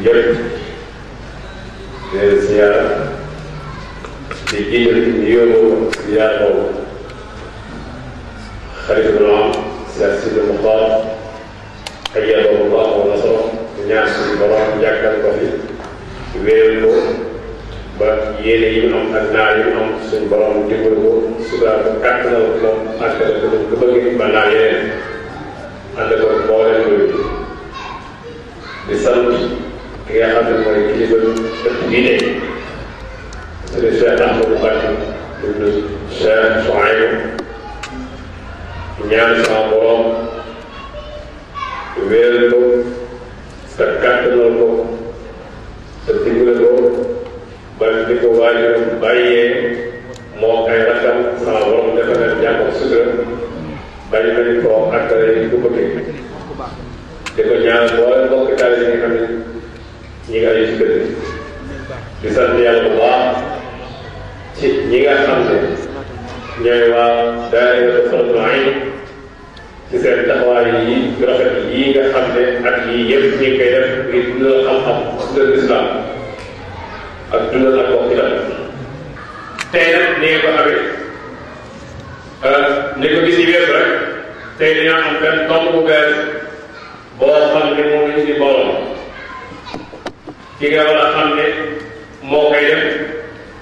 Yes.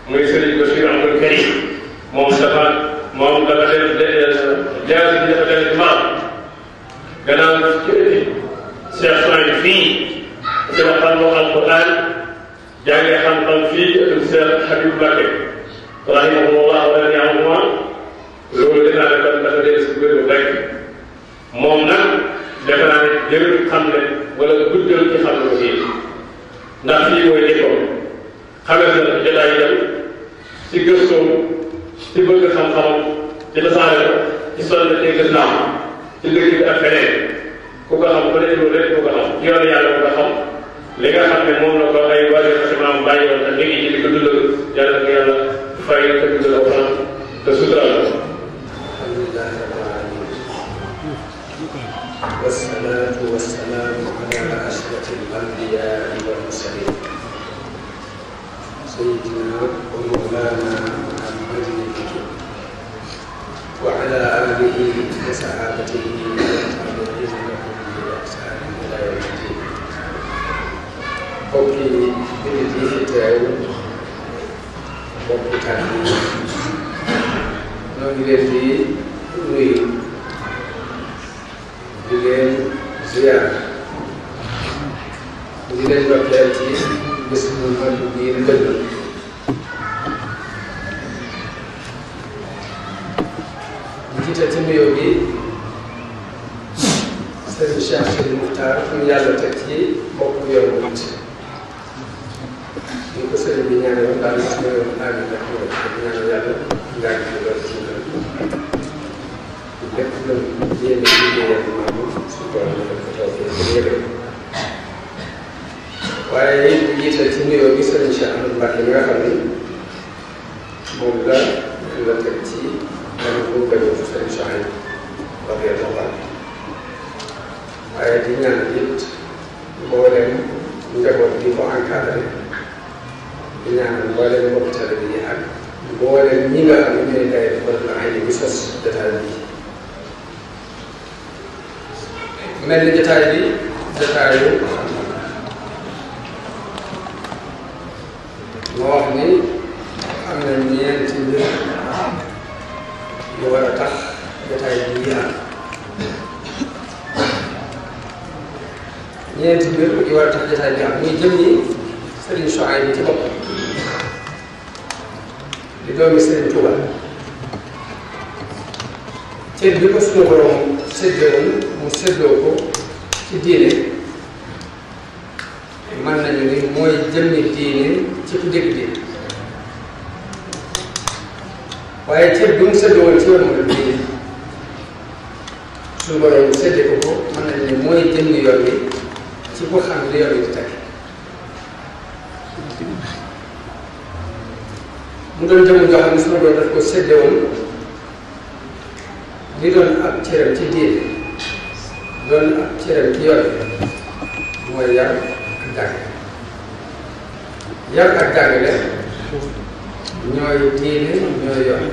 muy Serigne Bachir Abdoul Karim moom dafa moom dafa def jaasi bi dafa def maam gannaaw Cheikh Souhaïbou fii dafa xamoo alquran jàngee xam-xam fii Cheikh Habib Mbacké rahimahullah wala yaamuma loolu dinaa ne kon dafa dee si gën a rek moom nag defe naa ne jël xam ne wala guddal ci xam ne ndax fii mooy li ko xamal na jotaay yi ci gëstu ci bëgg xam-xamam ci tasaare ci sonn ci lislaam ci dëkk bi ak feneen ku ko xam ku ne lu rek ku ko xam yoon yàlla ku ko xam li nga xam ne moom la ko ay waajur si maam bàyyi woon ak nit ñi ci di ko dundal yàlla ak yàlla fay ko dundal ak xam te sutural والصلاة والسلام على أشرف الأنبياء والمرسلين سيدنا ومولانا محمد الكتب وعلى آله وصحابته والتابعين لهم بإحسان إلى يوم الدين قولي بالذي تعود bokk tànn ñoo ngi leen di nuyu di leen ziar di leen doxal ci بسم الله المبين لله Likita ta mai yobe sai shafi muhtar kun ya lantarki makuyar rubutu. Yi kusa da bin yana yin ɗari su yau na da ta kuma da bin yana yada ga gida da su da Idan kuma ne ne ne ya zama su ba da ta tafiya da ya waaye yéen ñu jiital ci nuyoo bi sëriñ Cheikh Ahmadou Mbacké mi nga xam ni moom la la teg ci dama ko gëj a sëriñ Cheikh yi wax dëgg yàlla waaye di ñaan it mbooleem njaboot bi ko encadré di ñaan mbooleem mbokk tale bi ak mbooleem ñi nga xam ne ñooy day defal la ay bi sos jotaay bi mel ni jotaay bi jotaayu moo wax ni am na ñeenti mbir yu war a tax jotaay bi yaar ñeenti mbir yu war a tax jotaay bi yaar muy jëm ni Serigne Souhaïbou ci bopp di doomi Serigne Touba cër bi ko suñu borom séddoo mu séddoo ko ci mën nañu ni mooy jëmmi diine ci ku dégg diine waaye cër bi mu sëdd woon ci yoonu diine suñu borom sëdde ko ko ni mooy jëmmi yoon bi ci ku xam li yoon bi di takk mu doon jëmm joo xam ne suñu borom ko sëdde woon li doon ab cëram ci diine doon ab cëram ci yoon bi mooy yar jàng yar ak jàngale ñooy diine ñooy yoon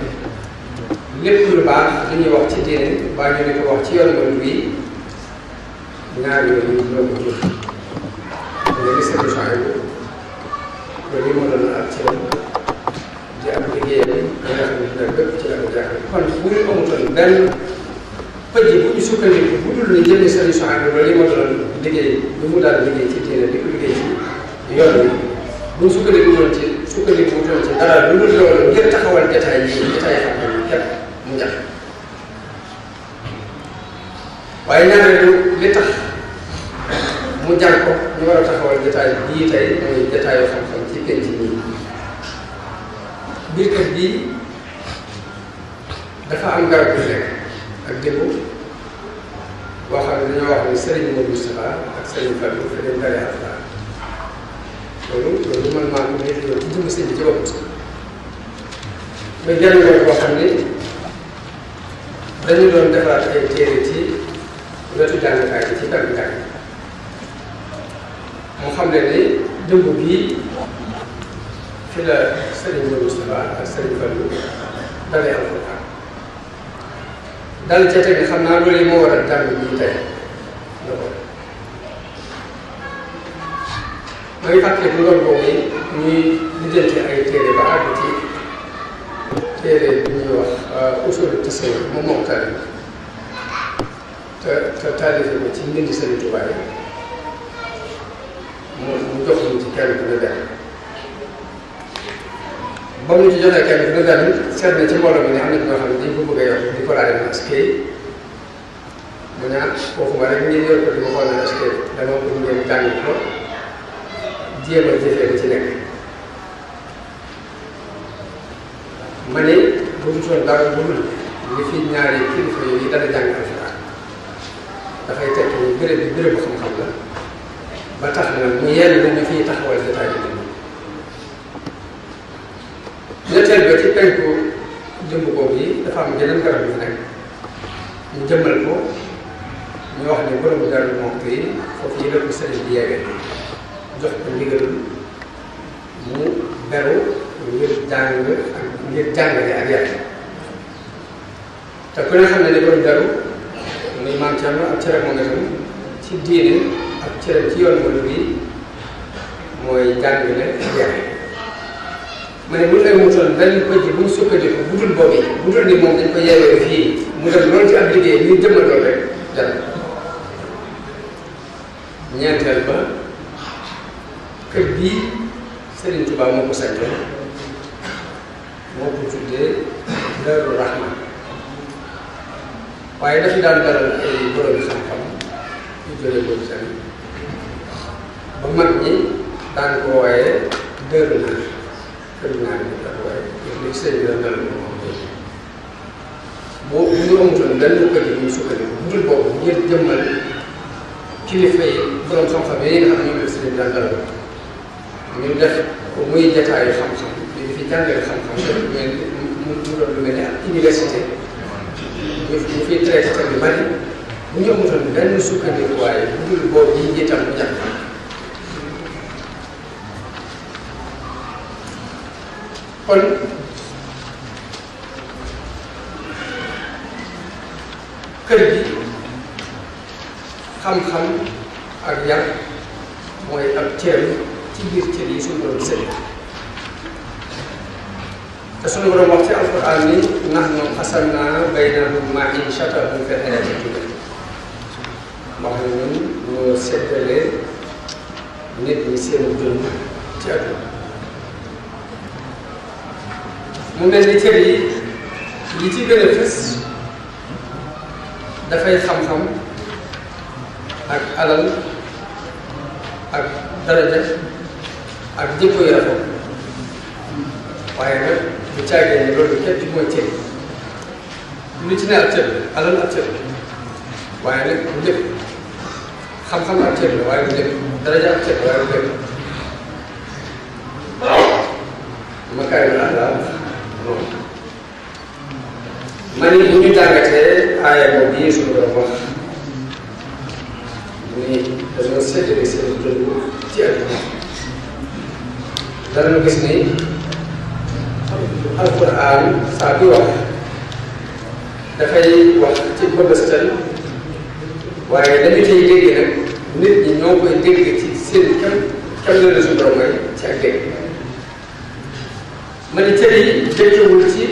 lépp lu baax li ñuy wax ci diine baa ñu di wax ci yoon yoon bii ñaar yooyu loolu ma doon ak ci di am bi nga xam ne dina bépp ci am bu ñu amutoon benn pëj bu ñu sukkandiku bu dul ne jëlee solution ak loolu yi ma doon liggéey bi mu daal liggéey ci diine di ko yoon wi buñ sukkandiku woon ci sukkandiku woon ci dara lu dul loolu ngir taxawal jataay yi jataay xam-xam yi mu jafe waaye ñaareelu li tax mu jar ko ñu war a taxawal jataay bii tey mooy jataayu xam-xam ci penc nii biir kër bii dafa am garab ak démb boo xam ne dañoo wax ne loolu loolu man maa ngi may loolu dugg na sëñ bi ci boppam sax mais jàngale boo xam ni dañu doon defar ay téere ci wetu jàngkaay bi ci jàngkaay bi mu xam ne ni dëmb bii fi la Serigne Mbour Moustapha ak Serigne Fallou dalee alxuraan dal ca tegi mooy fàttaliku loolu boobu yi ñuy lijjanti ay téere ba àgg ci téere bi ñuy wax usul tasawuf moom moom taalif te te taalife ko ci mbindi Sëriñ Tuubaa yi mu mu jox ñu ci kenn ku ne benn ba mu ci jotee kenn ku ne benn seet na ci mbooloo mi ne am na ñoo xam ne dañ ko bëgg a yor di ko laaj askay mu ñaan foofu ba rek ngeen yor ko di ko xoolal askay dama bëgg ngeen jàng ko jéem a jëfee ci nekk ma bu ñu toll dara bu dul li fi ñaari kilifa yooyu dana jàng alxuraan dafay teg ñu béréb bi bérébu xam-xam la ba tax na mu yell na ñu fiy taxawal jotaay bi ñetteel ba ci yi dafa am yeneen garab yu nekk ñu jëmmal ko ñu wax ne borom garab moom yi foofu yi la ko sëriñ bi yeggee jox ko ndigal mu beru ngir jàng ak ngir jàngale ak yàlla te ku ne xam ne ni koy beru muy maam Thierno ak cere moo nga tam ci diine ak cere ci yoon ji bu ñu sukkandiku bu dul boobu yi ni moom dañ ko yeewee fii mu dem loolu ci ab liggéey ñu jëmmal loolu rek dem ñeenteel ba kër gii Serigne Touba moo ko sañoon moo ko tuddee Rahma waaye dafi daan dalal ay borom xam-xam yu jëlee loolu seen ba mag ñi daan ko waaye kër naar yi daan waaye li sëñ bi daan dalal moom boo bu ñu kër yi ñu sukkandiku bu dul boobu ngir jëmmal kilifa yi borom xam-xam yi nga xam ne ñu def ko muy jataayu xam-xam ñu fi jàngale xam-xam yëpp mel mu doon lu mel ni ak université ñu ñu fiy traité lu bari bu ñu amutoon benn sukkandiku waaye bu dul boobu yi itam mu jàpp kon kër xam-xam ak yar mooy birteli sunu sele te sunu borom wax ci alquran ni nahnu qasamna baynahum ma'ishatahum fi hayati dunya wax na ñun ñoo seddale nit ñi seen dund ci àdduna mu mel ni cër yi li ci gën a fës dafay xam-xam ak alal ak daraja ak jikko yu rafet waaye nag bu caagee ne loolu képp mooy tey lu ci ne ab cër la alal ab cër la waaye nag bu lépp xam-xam ab cër la waaye bu lépp daraja ab cër la waaye bu lépp makaarimul axlaaq moom ma ni bu ñu jàngatee aaya boobu bii suñu doon wax ni dañoo séddale seen dund ci àdduna danañu gis ni alquran saa bi wax dafay wax ci pëbëstal waaye dañu cay dégg nag nit ñi ñoo koy dégg ci seen kam kam la suñu borom mooy ci ak dégg ma ni cër yi dékkewul ci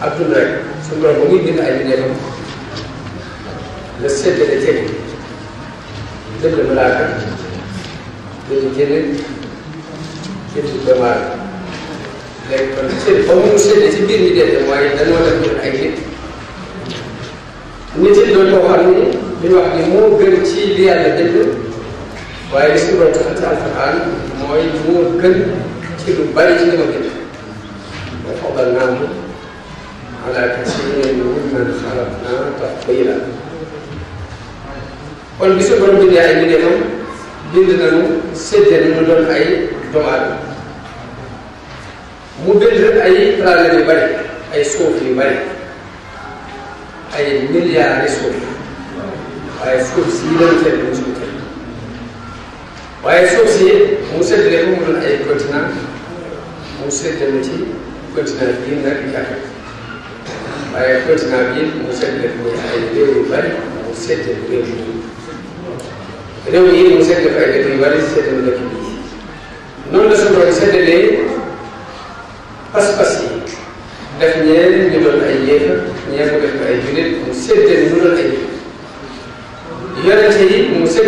ak dund rek suñu borom ba muy bind ay bindéefam la séddale cër yi dëgg malaaka dañu génne surtout damaa léegi kon sédd ba mu sédd si biir ñu def mooy dañoo def ñun ay nit nit yi doon koo xam ni ñu wax ni moo gën ci li yàlla dëgg waaye li suñu doon sax ci alxuraan mooy moo gën ci lu bari ci li ma gën wa faddalnaahu alaa kasiirin mimman xalaqnaa tafdiilaa kon bi suñu borom bindee ay mbindeefam bind nañu séddee ñu doon ay. dumame mu belgique ay problème yu bëri ay suuf yu bëri ay milliards suuf waaye suuf si yi dañu teel mu suuf waaye suuf si mu séddale mu doon ay continent mu séddale ci continent bii nag jàkka waaye continent bii mu séddale mu ay réew yu bëri mu séddale réew yi réew yi mu séddale ay réew yu bëri séddale dëkk bi wéralee pas-pas yi def ñeen ñu doon ay yéefar ñeen mu def ay jullit mu séddale mu doon ay jullit yonente yi mu ci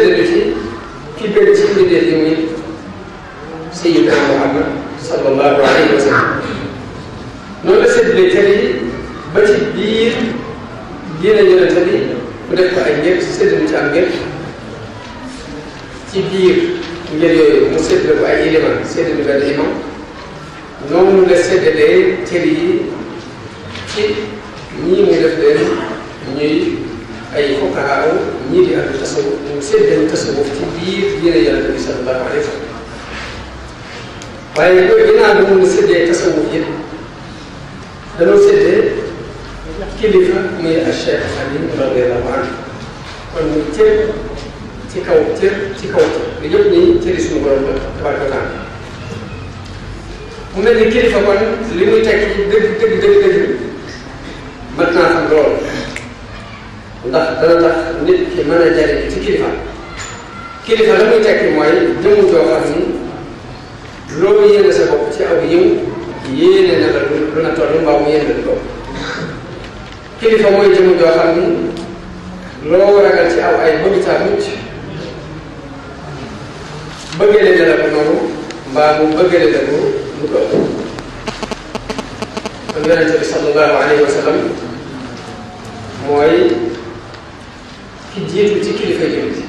ki gën ci mbindeef yi Muhammad sallallahu alayhi wa sallam noonu la séddale tër yi ba ci biir diine yonente bi mu def ko ay ngépp séddale ci am séddale ko ay iliman séddale benn imam noonu la séddalee cër yi ci ñii muy def leen ñuy ay fuqahaa ñii di ahlu tasawuf ñu séddale tasawuf ci biir yére yonent bi sallallahu alayhi wa sallam waaye yooyu ginnaaw bi mun na séddee tasawuf yëpp dañoo séddee kilifa muy Cheikh Xadim radiyallahu anhu kon muy cër ci kaw cër ci kaw cër yëpp nii cëri suñu borom la tabaraka wa taala mu mel ni kilifa kon li muy tekki dëgg dëgg dëgg dëgg mën naa xam lool ndax dana tax nit ki mën a jariñ ci kilifa kilifa la muy tekki mooy jëmu joo xam ni loolu yéene sa bopp ci aw yiw yéene na la lu na toll mu yéene la lu kilifa mooy jëmu joo xam ni loo ragal ci aw ay bëgg saa bëggale na la ko noonu mbaa mu bëggale la ko lu ko kon yonente bi sallallahu alayhi wa sallam mooy ki jiitu ci kilifa jullit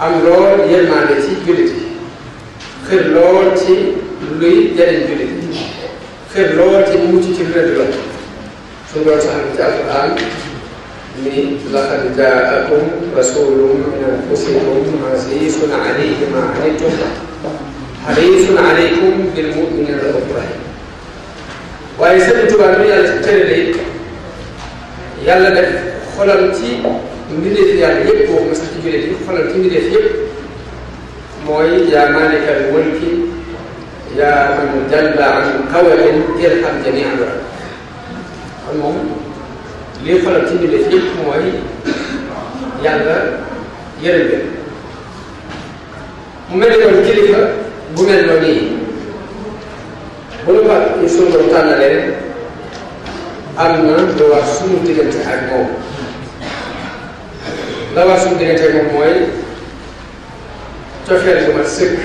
am lool yërmande ci jullit yi xër lool ci luy jariñ jullit yi lool ci mucc ci lu leen di lor ci alquran لقد جاءكم رسول من انفسكم عزيز عليه ما عنتم حريص عليكم بالمؤمنين رؤوف رحيم waaye bi yàlla ci tërale it yàlla def xolam ci mbindeef yàlla yépp waxuma sax ci jullit yi xolam ci mbindeef yépp mooy yaa maalikal mulki yaa man jalla an qawalin irham jamian kon moom liy faral ci mbindeef yëpp mooy yàlla yërëm leen mu mel ni loolu kilifa bu mel noonu nii bu nu wax ni sunu doon tànnale rek am na lu war sunu diggante ak moom la war sunu diggante moom mooy cofeel bu mat sëkk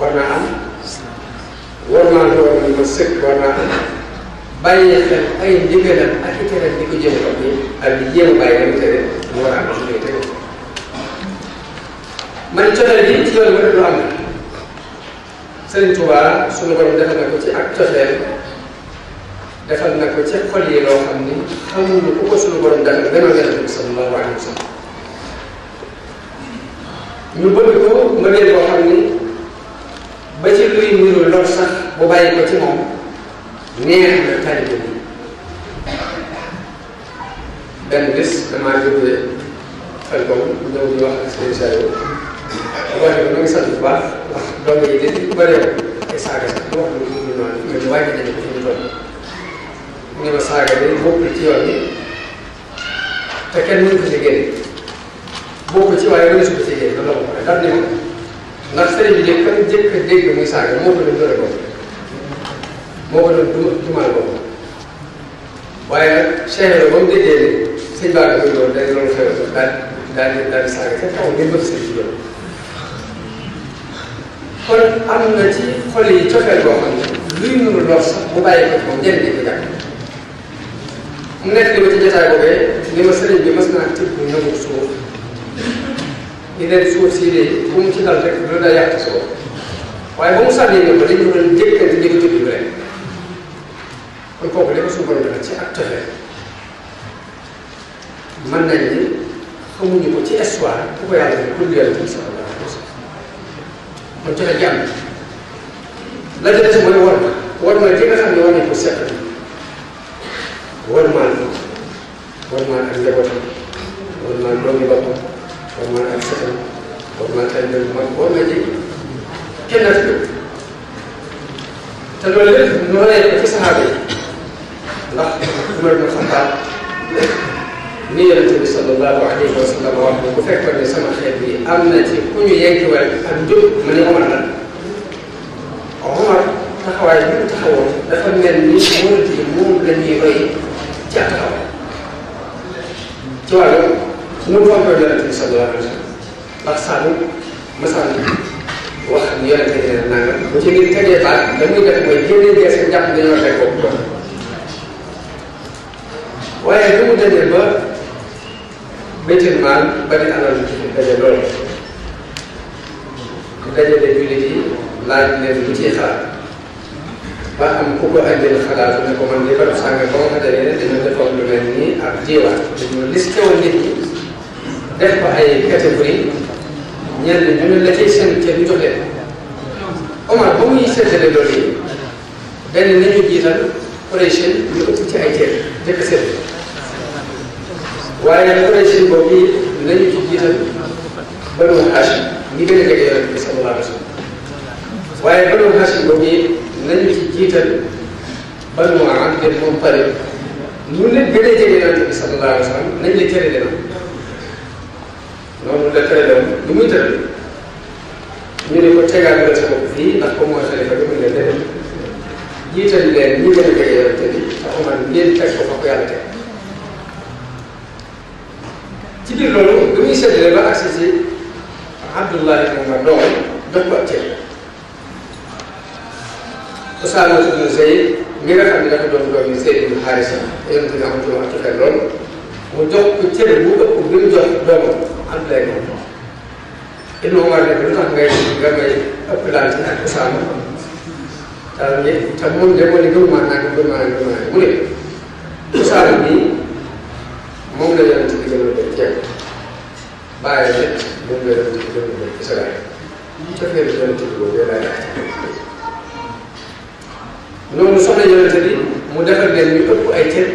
war naa am war naa war ma sëkk war naa bàyyi xel ay ndigalam ak i tere di ko jéem a toppee ak di jéem a bàyyi ay tere mu war a am lu koy tere man cofeel yi ci yoon bi rek lu am Sëriñ Tuubaa suñu borom defal na ko ci ak cofeel defal na ko ci xol yi loo xam ni xamuñu ku ko suñu borom defal benn yonent bi sallallahu alayhi wa sallam ñu bëgg ko mbëggeel boo xam ni ba ci luy niru lor sax bu bàyyi ko ci moom. neex na talibe bi benn bés damaa jógee Falcon ñëw di wax ak seen sayo wax ko ngi sant bu baax wax doom yi de bu bëree ay saaga sax wax lu mu noonu nga di wàññi nañu fi ñu toll ñu ma saaga de bokkul ci yoon yi te kenn mënu ko ci génne bokkul ci waaye mënu ko ci génne loolu la ko waxee ndax ne ndax sëriñ bi jëkk jëkk dégg muy saaga moo ko dem dara ko moo ko doon duma jumaal boobu waaye nag Cheikh la ba mu déggee ni loolu day loolu xew daal daal di daal di saaga te taw ngeen bëgg sëñ bi kon am na ci xol yi cofeel boo xam ne luy nuru lor sax bu bàyyi ko moom njëriñ ko jàpp mu nekk li ma ci jotaay boobee ni ma bi mas naa tibb nangu suuf ñu ne suuf sii de bu mu ci dal rek lu daa yàq suuf waaye ba mu sànni ñu ko dañu ko doon jëkkati ñu ko tibb te kooku lépp suñu borom def ci ak tefe mën nañ ni xamuñu ko ci histoire ku ko yàlla def pour yàlla def ci wàllu kon joxe jàmm la ca des mooy war ma war ma ji nga xam ne war nañ ko seet war maan war maan ak njabootam war maan doomi boppam war maan ak sëtam war maan ay mbir man war ma ji kenn te loolu lépp noonu lay def ci saxaaba yi ndax loolu la xabaar ni yonente bi sallallahu alayhi wa sallam wax ne bu fekkoon ne sama xeet am na ci ku ñu yeggiwal ak njub mu ne Omar la Omar taxawaay bi mu taxawoon dafa mel ni murid yi moom la ñuy roy ci ak taxaw ci wàllu nu mu fonkoo yonente bi sallallahu alayhi wa sallam ndax Sadou Masane wax yonente bi nangam bu ci biir tegee baax da muy def mooy génne jeex jàpp dañoo teg ko waaye bu mu demee ba béytil maal bari alal ci fi daje lool ku de jullit yi laaj leen lu ciy xalaat ba am ku ko andil xalaat ne ko man li barab sànga ba ma ko dajee dina defoon lu mel nii ak jiwaat dañu listé woon nit ñi def ko ay catégorie ñenn ñu ne la cay seen cër ñu Omar ba muy seetale loolu yi benn nañu jiital Quraysh ñu ëpp ci ay ceeb njëkk a seetlu waaye nag Quraysh boobu yi nañu ci jiital Banu Hashim ñi gën a jege Yonent bi sallallahu alayhi wa sallam waaye Banu Hashim boobu yi nañu ci jiital Banu Abdul Muttalib ñu leen gën a jege Yonent bi sallallahu alayhi wa sallam nañ la tere dina noonu la tere doon lu muy tëral ñu ne ko tegaat nga sa bopp fii ndax comme mooy xalifa bi mu ne leen 이전에 미래에 열더니 조금만 옛날 조각해야 돼. 지들로는 의사 대가 악시지 Abdullah ibn Madon dëkk ak ceeb Usaama ibn Zayd mi nga xam ne dafa doon doom yi Zayd ibn Harisa yéen nga xam ne ak xel loolu mu jox ko ceeb bu ëpp bi mu jox doomam Abdullah ibn Madon Ibn Omar ne lu tax ngay nga may ëpp laal ci ak Usaama te te moom de moo ne gëm naa ne gëm naa ne gëm bi moom la yonent bi gën a doon jekk bàyyi nit bi gën a te fee bi boobu yow laay noonu soxna bi mu defar leen ñu ëpp ay cër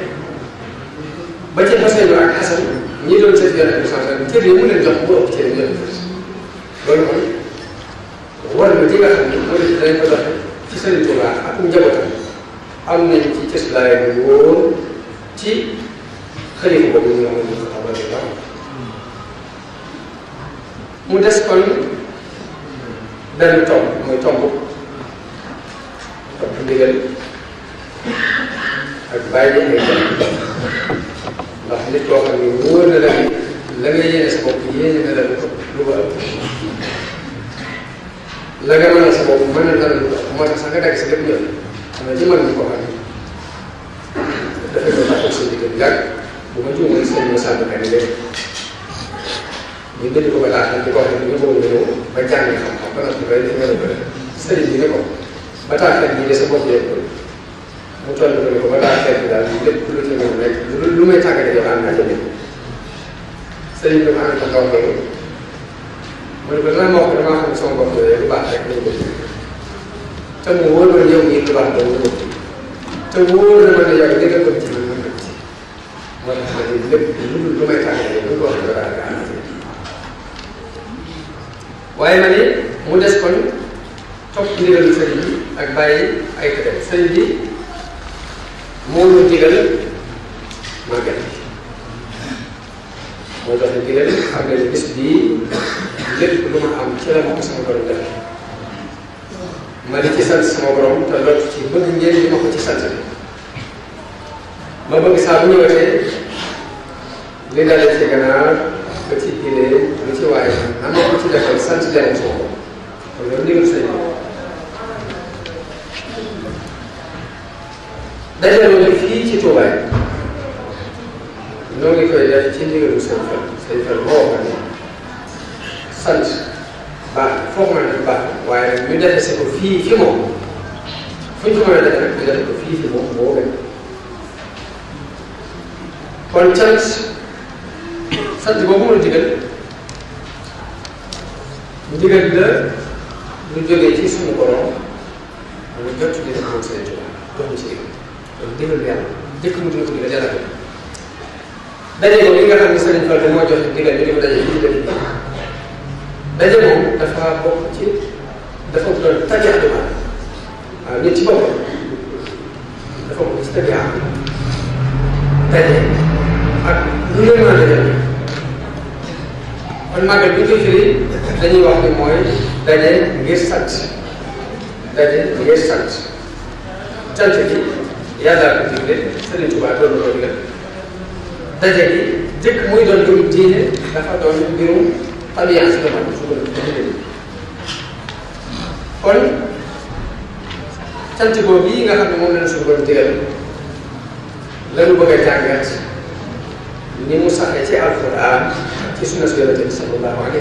ba ci Xasan ak Xasan ñi doon seet yonent bi ay xibaar ba mu nekk te wóor na ma ne yàlla dina ko ci mën a ci moo tax ma ne lépp lu lu may tàggatoo lu ko wax dëgg yàlla waaye ma ne mu des kon topp ndigalu sëriñ bi ak bàyyi ay tëral sëriñ bi moo ñu ndigal màggal moo joxe ndigal xam ne bis bii lépp lu ma am ci la ma ko sama borom defee ma di ci sant sama borom te loolu ci bëgg njëriñ li ma ko ci sant ma bëgg saa bu ñëwatee li dalee ci ganaar ba ci gilee lu ci waaye am na ko ci defal sant leen ci ko kon loolu ndigal sëñ dajaloo bi fii ci Touba noo ngi koy def ci ndigalu sëñ Fall sëñ Fall moo wax sant baax na foo ko mën a def baax na waaye ñu defe si ko fii fi moom fu ñu ko mën a def rek ñu def ko fii fi moom boo gën kon cant sant boobu mën a digal ndigal la lu jógee ci suñu borom mu jot ci dina moom seen jox ñu si digal kon digal yàlla jëkk mu dina ko digal yàlla ko daje ko li nga xam ne sëriñ Fall moo joxe digal بلغوا دفع فوق دفع ترتجع بها يتبوع دفع يستجع تدع دون ما لدى On m'a répété, je dis, tenez voir les moyens d'aller gestalt. D'aller gestalt. Tant que il y a la petite, c'est le tubato de l'anglais. D'aller, dès que moi, dans le diné, la femme dans le bureau, tapi yang المجتهد kon sant boobu yi nga xam ne moom lañ suñu borom lalu lañu bëgg a alquran ci sunna su yonente bi sant dafa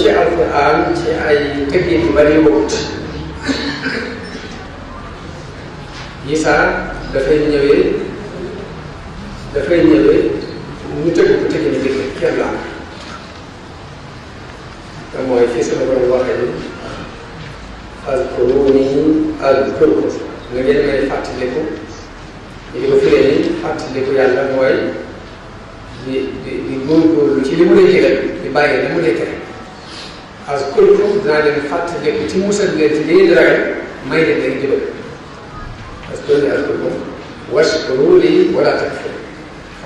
ci alquran ci ay tëggin bari wut yi saa dafay da fay ñëwee ñu tëj ko tëj na jëkk kenn laa te mooy fii sama borom waxee ni alkuruni alkuruni nga ngeen may fàttaliku ñu ko firee ni fàttaliku yàlla mooy di di di góorgóorlu ci li mu lay jëgal di bàyyi li mu lay tere alkuruni dinaa leen fàttaliku ci musal leen ci lii ragal may leen leen jëbal parce que alkuruni washkuru lii wala takfur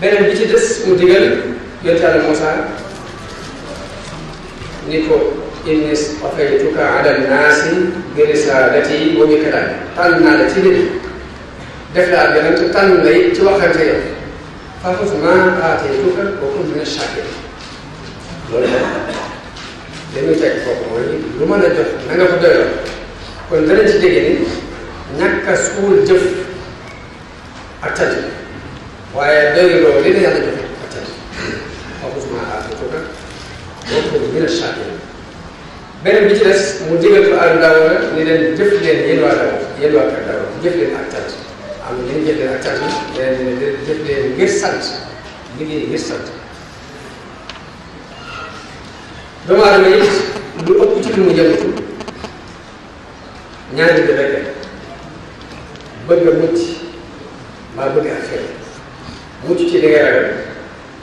beneen bi ci des mu digal yonent Yàlla Muusaa ni ko inni istafaytuka ala naasi bi risaalati wa bi kalaami tànn naa la ci nit def la ak yonent tànn lay ci waxante yow faaxus maa aataytuka wa kun mina shaakiriin loolu nag li muy teg foofu mooy lu mën a jox na nga ko doyoo kon danañ ci dégg ni ñàkk a suul jëf ak tànn waaye doy loo li la yàlla joxe ak cant waxusuma aatuka boobu ko gën a changé beneen bi ci des mu digal ko àll daaw la ni leen jëf leen yéen waa daaw yéen waa kër daaw jëf leen ak cant am na leen jëf leen ak cant yi leen jëf leen ngir sant liggéey ngir sant doomu aadama yi lu ëpp ci lu mu yëngatu ñaari bi rek bëgg a mucc mbaa bëgg ak xel mu ci li ngay ragal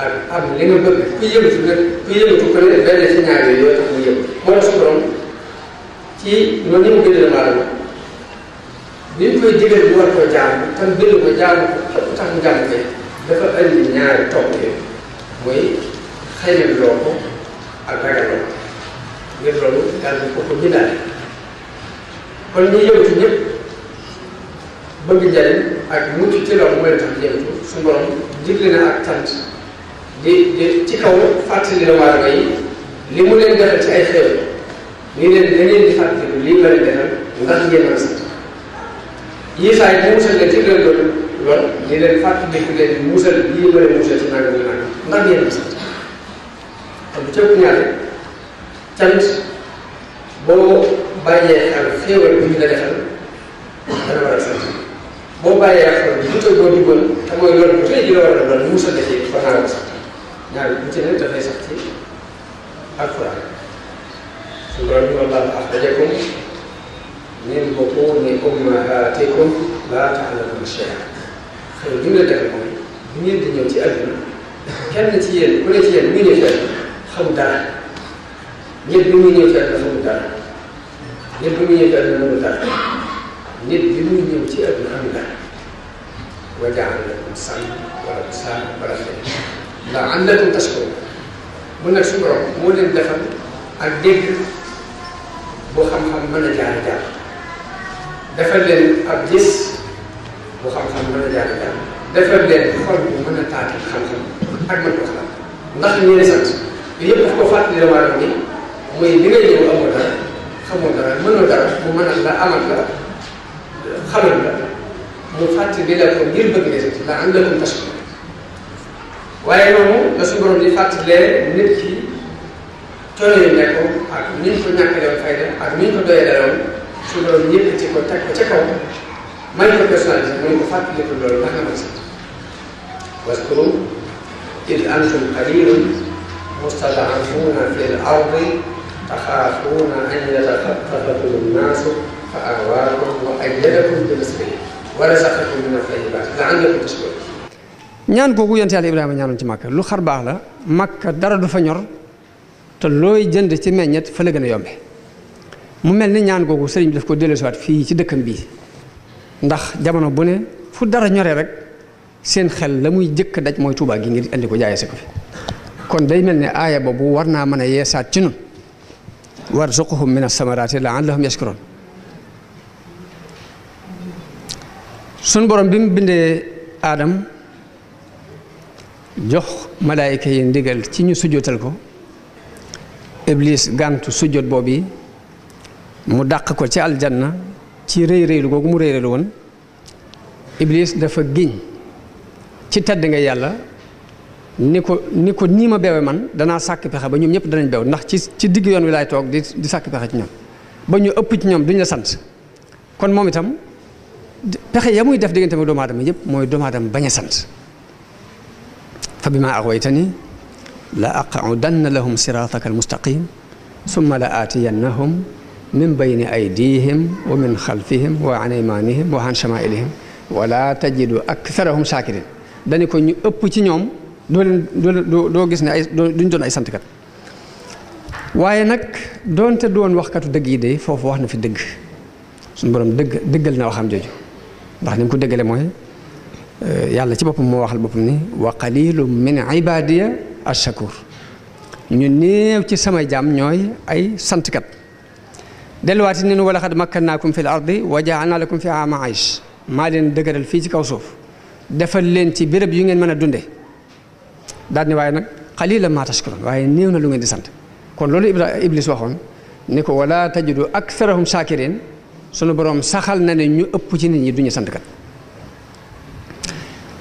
ak am li nga bëgg ku yëngatu nga ku yëngatu ne benn si ñaar yooyu yoo tax mu yëngu moo tax su borom ci noonu ñu gën a maanaam bi ñu koy digal mu war koo jaam tam gën ko jaam ko tax mu jaam ko dafa indi ñaari topp yooyu mooy xayma loo ko ak ragal loo ko ngir loolu daal di ko ko bindaale kon ak mucc ci loolu mooy tax yëngatu su borom digle na ak tant di di ci kaw fàttali doomu aadama yi li mu leen defal ci ay xew ni leen da ngeen di fàttali lii la leen defal ndax ngeen mën a sant yii saa yi mu musal leen ci leen loolu loolu ni leen fàttali ku leen musal lii la leen musal ci nangam la nangam ndax ngeen mën a sant te bu cëpp ñaare cant boo bàyyee xel xéewal bu ñu la defal dana war a sant boo bàyyee ak xol bi bu tooy boo duggoon te mooy loolu bu tooy ji loolu la loolu musal da ci fanaan sax ñaar yi bu ci ne dafay sax ci alquran su loolu ñu wallaahu axrajakum min butuuni ummahaatikum laa taalamuuna shay'an xëy li mu la defee mooy bu ngeen di ñëw ci àdduna kenn ci yéen ku ne ci yéen mu ngi ñëw ci àdduna xamul dara ñëpp ñu ngi ñëw ci àdduna xamul dara ñëpp ñu ngi ñëw ci àdduna xamul dara للذنوب يمتئة أمنا وجعلنا لكم السمع ولا بصار ولا خير لعلكم تشكرون mun nag suñu borom moo leen defal ak dégg bu xam-xam mën a jaar jaar defal leen ab gis bu xam-xam mën a jaar jaar defal leen xol bu mën a taati xam-xam ak mën ko xalaat ndax ñu ne sant yëpp daf ko fàttali la waaram ni muy li ngay ñëw amoo dara xamoo dara mënoo dara bu mën a la amal la خرج mu fàttali leen ko ngir bëgg des la am la ko tas waaye noonu la suñu borom di fàttalee nit ki coono yu nekkoon ak ni ñu ko ñàkkalee fayda ak ni ñu ko doyee daloon suñu borom ñëpp ci ko teg ko ca kaw man ko personnalisé mooy ko fàttali ko loolu naka ma si waskuru id antum qalilun mustadafuna fi l ardi taxaafuuna an yataxattafakum naasu ñaan googu yonent yàlla Ibrahima ñaanoon ci Màkka lu xar baax la Màkka dara du fa ñor te looy jënd ci meññet fa la gën a yombe mu mel ni ñaan googu sëriñ bi daf ko delloosiwaat fii ci dëkkam bii ndax jamono bu ne fu dara ñoree rek seen xel la muy jëkk daj mooy Tuubaa gi ngir indi ko jaayee si ko fi kon day mel ne aaya boobu war naa mën a yeesaat ci nun warzuqhum mina samaraati laallahum yashkuroon suñ borom bi mu bindee aadam jox malaayika yi ndigal ci ñu sujjóotal ko iblis gàntu sujjóot boobu yi mu dàq ko ci aljanna ci rëy rëylu googu mu rëy rëylu woon iblis dafa giñ ci tedd nga yàlla ni ko ni ko nii ma beewe man danaa sàkk pexe ba ñoom ñëpp danañ beew ndax ci ci digg yoon wi laay toog di di sàkk pexe ci ñoom ba ñu ëpp ci ñoom duñ la sant kon moom itam pexe ya muy def diggante ak doomu aadama yëpp mooy doomu aadama bañ a sant fa bimaa axwaytani la aqaudanna lahum sirataka almustaqim summa la aatiyannahum min bayni aydihim wa min xalfihim wa an aymanihim wa an chamailihim wala tajidu aktharahum shakirin dañu ko ñu ëpp ci ñoom doo doo gis ne ay duñ doon ay santkat waaye nag doonte doon waxkatu dëgg yi de foofu wax na fi dëgg suñu borom dëgg dëggal na waxam jooju ndax ni ko dëggale moy yàlla ci bopum mo waxal bopum ni wa qalilum min ibadiya ashakur ñu néew ci sama jam ñoy ay sant santkat delluwaati ni wala xad makkanakum fil ardi wa jaalna lakum fi ma'ish ma len leen fi ci kaw suuf defal len ci bërepp yu ngeen mëna dunde dal ni waaye nak xalilan ma tashkurun waye néew na lu ngeen di sant kon loolu iblis waxon niko wala tajidu aktharahum shakirin sunu borom saxal na ne ñu ëpp ci nit ñi duñu sant kat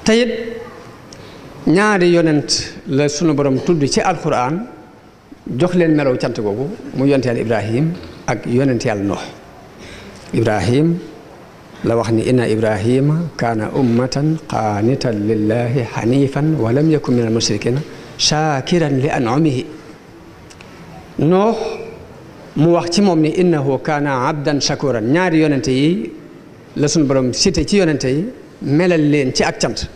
te ñaari yonent la sunu borom tudd ci alquran jox leen melaw cant googu mu yonent yàlla ibrahim ak yonent yàlla noox ibrahim la wax ni inna ibrahima kaana ummatan qaanitan lillahi xanifan wa lam yakun min al mushrikina shaakiran li an'amihi noox mu wax ci moom ni innahu kaana abdan shakuran ñaari yonente yi la suñu borom cité ci yonente yi melal leen ci ak cant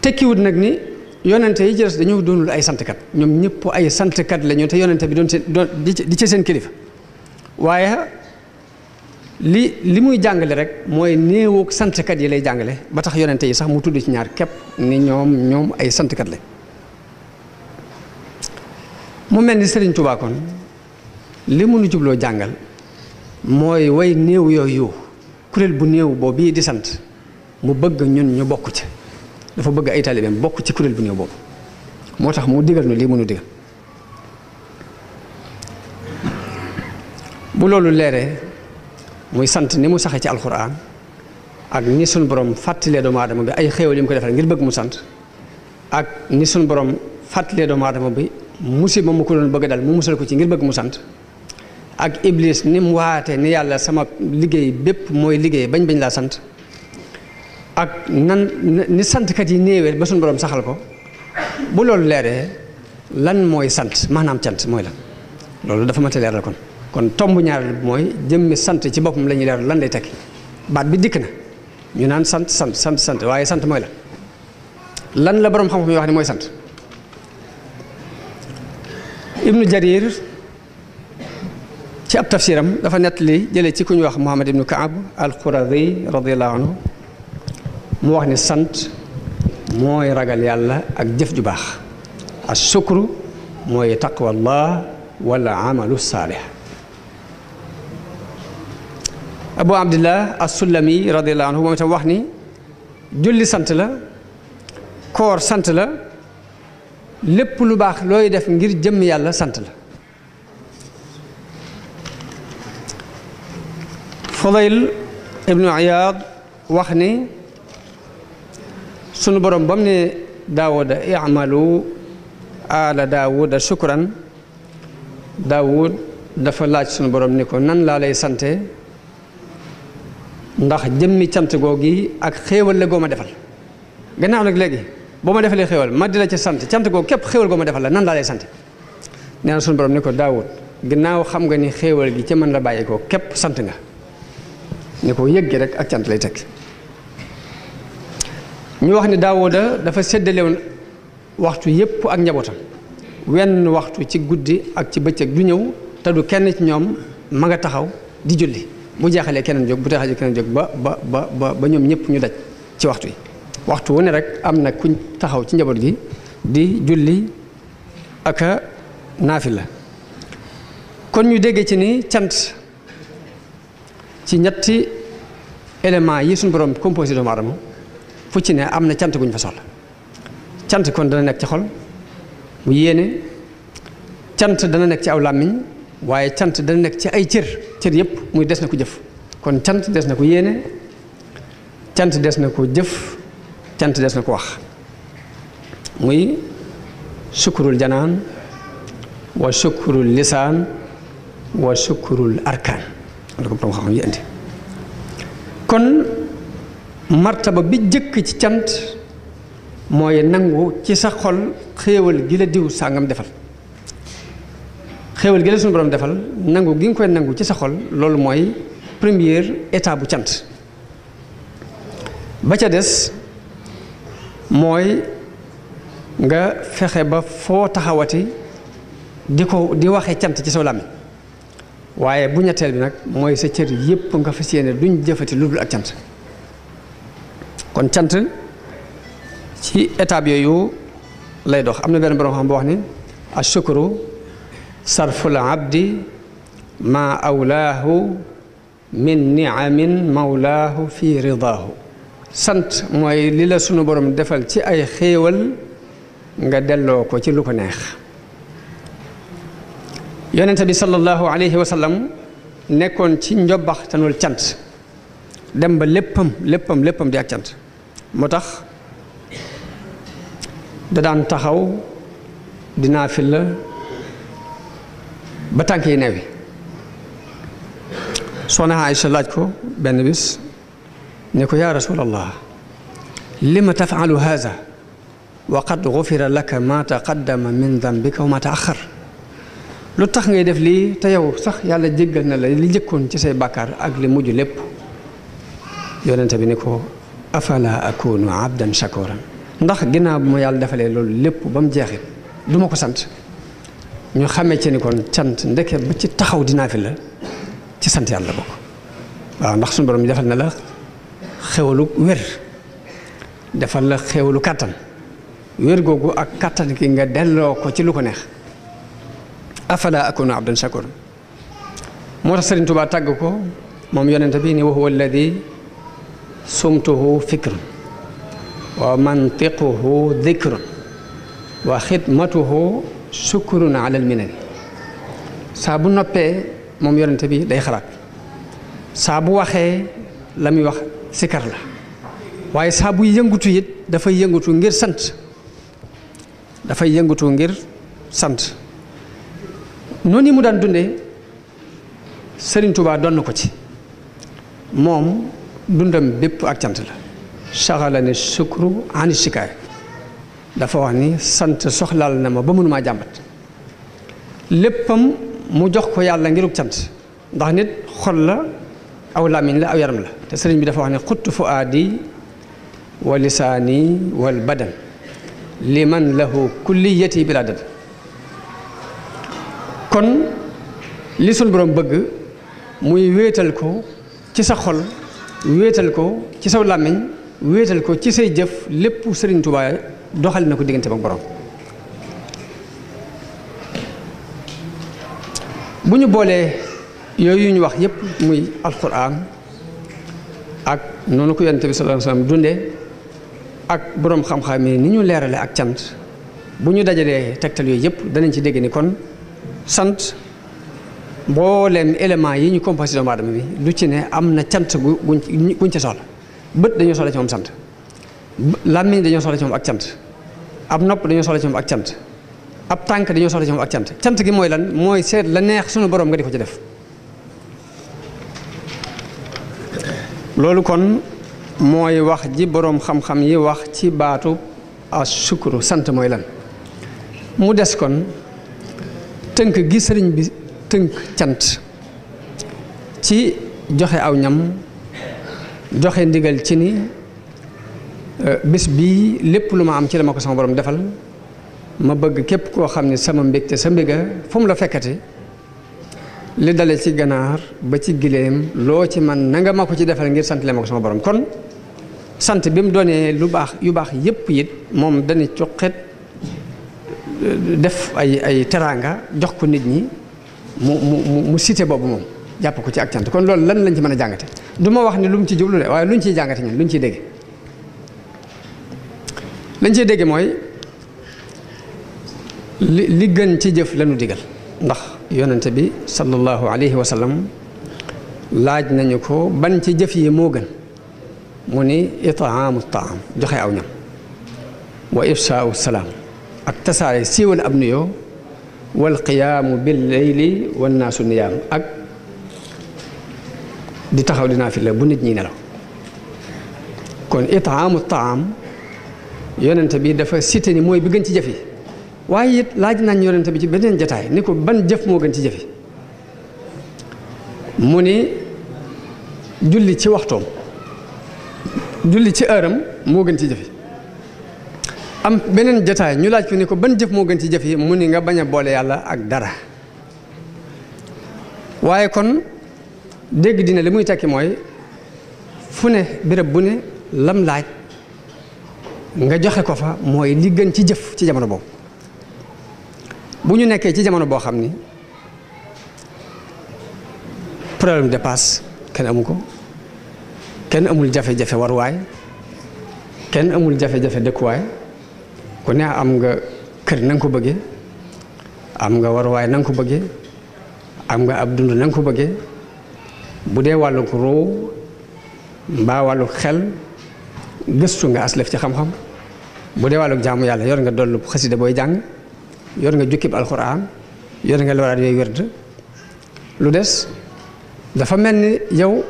tekkiwut nag ni yonente yi jërës dañoo doonul ay santkat ñoom ñëpp ay santkat lañu te yonente bi doon seen doon di ci seen kilifa waaye li li muy jàngale rek mooy néewoog santkat yi lay jàngale ba tax yonente yi sax mu tudd ci ñaar képp ni ñoom ñoom ay santkat la mu mel ni sëriñ Touba li mu jubloo jàngal mooy way néew yooyu kuréel bu néew boobu bii di sant mu bëgg ñun ñu bokk ci dafa bëgg ay taalibeem bokk ci kuréel bu néew boobu moo tax mu digal nu lii mënu digal bu loolu leeree muy sant ni mu saxee ci alxuraan ak ni sunu borom fàttalee doomu aadama bi ay xéewal yi mu ko defal ngir bëgg mu sant ak ni sunu borom fàttalee doomu aadama bi musiba mu ko doon bëgg dal mu musal ko ci ngir bëgg mu sant ak iblis ni mu waate ni yàlla sama liggéey bépp mooy liggéey bañ bañ laa sant ak nan ni santkat yi néewee ba suñu borom saxal ko bu loolu leeree lan mooy sant maanaam sant mooy la loolu dafa mat a leeral kon kon tomb ñaar mooy jëmmi sant ci boppam la ñuy leeral lan lay tekki baat bi dikk na ñu naan sant sant sant sant waaye sant mooy la lan la borom xam-xam yi wax ni mooy sant ibnu jarir ci ab tafsiram dafa li jëlee ci ku ñu wax Muhammad ibnu Kaab al-Qurazi radiyallahu mu wax ni sant mooy ragal yàlla ak jëf ju baax as sukru mooy taqwallah wala amalu saalih abu abdillah as-Sullami radiyallahu anhu moom wax ni julli sant la koor sant la lépp lu baax looy def ngir jëmm yàlla sant la Fadayl ibnu Iyaad wax ni sunu borom bam ne daawuda i'malu ala daawuda shukran daawud dafa laaj sunu borom ni ko nan laa lay sante ndax jëmmi cant googi ak xéewal la goo ma defal gannaaw nag léegi boo ma defalee xéewal ma di la ci sant cant googu képp xéewal goo ma defal la nan laa lay sant nee na sunu borom ni ko daawud gannaaw xam nga ni xéewal gi ci man la bàyyi ko képp sant nga ni ko yëg gi rek ak cant lay teg ñu wax ni Daawuda dafa séddale waxtu yépp ak njabootam wenn waxtu ci guddi ak ci bëccëg du ñëw te du kenn ci ñoom ma nga taxaw di julli bu jeexalee keneen jóg bu taxalee keneen jóg ba ba ba ba ñoom ñëpp ñu daj ci waxtu yi waxtu wu ne rek am na kuñ taxaw ci njaboot gi di julli aka naafi la kon ñu déggee ci ni cant ci ñetti éléments yi suñ borom composé doomu aadama fu ci ne am na cant gu ñu fa soxla cant kon dana nekk ci xol mu yéene cant dana nekk ci aw làmmiñ waaye cant dana nekk ci ay cër cër yëpp muy des na ko jëf kon cant des na ko yéene cant des na ko jëf cant des na ko wax muy sukkurul janaan wa sukkurul lisaan wa sukkurul arkaan la ko yi indi kon martaba bi jëkk ci cant mooy nangu ci sa xol xéewal gi la diw sàngam defal xéewal gi la suñu borom defal nangu gi nga koy nangu ci sa xol loolu mooy première état bu cant ba ca des mooy nga fexe ba foo taxawati di ko di waxee cant ci saw làmmiñ waaye bu ñetteel bi nag mooy sa cër yépp nga fa yéene duñ jëfati lu dul ak cant kon cant ci étape yooyu lay dox am na benn borom xam boo wax ni ashukru sarful abdi ma awlaahu min niamin mawlaahu fi ridaahu sant mooy li la sunu borom defal ci ay xéewal nga delloo ko ci lu ko neex yonente bi sallallahu alayhi wa sallam nekkoon ci njobbaxtanul cant dem ba léppam léppam léppam di ak cant moo tax da daan taxaw dinaa fi la ba tànk yi newi soxna Aïcha laaj ko benn bis ne ko yaa rasulallah lima tafaalu haza wa qad gufira laka ma taqaddama min dambika wa ma taaxar lu tax ngay def lii te yow sax yàlla jéggal na la li jëkkoon ci say bàkkaar ak li mujj lépp yonente bi ni ko afala akunu abdan shakuran ndax ginnaaw bi ma yàlla defalee loolu lépp ba mu jeexee du ma ko sant ñu xamee ci ni kon cant ndeke ba ci taxaw dinaa fi la ci sant yàlla bokk waaw ndax suñu borom defal na la xewalu wér defal la xewalu kàttan wér googu ak kàttan ki nga delloo ko ci lu ko neex afala akunu abdan shakura moo tax Sëriñ Tuubaa tàgg ko moom yonent bi ni wa huwa alladi sumtuhu fikr wa mantiquhu dikr wa xidmatuhu sukurun ala alminani saa bu noppee moom yonent bi day xalaat saa bu waxee la muy wax sikar la waaye saa buy yëngutu yit dafay yëngutu ngir sant dafay yëngutu ngir sant noni mu dan dundé Serigne Touba don ko ci mom dundam bépp ak tiant la shaghalani shukru sukru ani sikaay dafa wax ni sante soxlal na ma ba mënumaa jàmbat léppam mu jox ko yàlla ngiruk tiant ndax nit xol la aw lamine la aw yaram la te serigne bi dafa wax ni xuttu fuadi wa lisani wal badan liman lahu kulliyati bila kon li suñ borom bëgg muy wéetal ko ci sa xol wéetal ko ci saw làmmiñ wéetal ko ci say jëf lépp Sëriñ Tuubaa doxal na ko diggante ak borom bu ñu boolee yooyu ñu wax yépp muy alxuraan ak noonu ko yoonte bi sallallahu alayhi dunde ak boroom xam-xam yi ni ñu leerale ak cant bu ñu dajalee tegtal yooyu yépp danañ ci dégg ni kon sant mbooleem élément yi ñu composé doomu aadama bi lu ci ne am na cant gu guñ ci soxla bët dañoo soxla ci moom sant làmmiñ dañoo soxla ci moom ak cant ab nopp dañoo soxla ci ak cant ab tànk dañoo soxla ci moom ak cant cant gi mooy lan mooy seet la neex sunu borom nga di ko ci def loolu kon mooy wax ji boroom xam-xam yi wax ci baatu a sukuru sant mooy lan mu des kon tënk gi sëriñ bi tënk cant ci joxe aw ñam joxe ndigal ci ni euh, bis bii lépp lu ma am ci la ma ko sama borom defal ma bëgg képp koo xam ne sama mbégte sa mbéga fu mu la fekkati li dale ci ganaar ba ci giléem loo ci man na ma ko ci defal ngir sant le ma ko sama borom kon sant bi mu doonee lu baax yu baax yépp it moom dana cuqet def ay ay teranga jox ko nit ñi mu mu mu cité bobu mom jàpp ko ci ak cant kon lool lan lañ ci mëna jàngate duma wax ni lu mu ci jublu de waaye luñ ci jàngate ñun luñ ci dégg lañ ci dégg mooy li li gën ci jëf lañu digal ndax yonente bi sallallahu alayhi wa sallam laaj nañu ko ban ci jëf yi moo gën mu ni itaamu taam joxe aw ñam wa ifsaau salaam tasaare siiwal ab nuyoo wal qiyaamu bil layli wan naasu niyaam ak di taxaw di naafila bu nit ñi nelaw kon itaamu taam yonent bi dafa cité ni mooy bi gën ci jëf yi waaye it laaj nañ yonent bi ci beneen jataay ni ko ban jëf moo gën ci jëf yi mu ni julli ci waxtoom julli ci ëram moo gën ci jëf yi am beneen jotaay ñu laaj ko ni ko ban jëf moo gën ci jëf yi mu ni nga bañ a boole yàlla ak dara waaye kon dégg dina li muy takki mooy fu ne béréb bu ne lam laaj nga joxe ko fa mooy li gën ci jëf ci jamono boobu bu ñu nekkee ci jamono boo xam ni problème dépasse kenn amu ko kenn amul jafe-jafe waruwaay kenn amul jafe-jafe dëkkuwaay ku ne am nga kër na ko bëggee am nga waruwaay na nga ko bëgge am nga ab dund na ko bëggee bu dee wàllu ruu mbaa wàllu xel gëstu nga aslef ci xam-xam bu dee wàllu jaamu yàlla yor nga dollu xasida booy jàng yor nga jukki jukkib alxuraan yor nga loraat yooyu wérd lu des dafa mel ni yow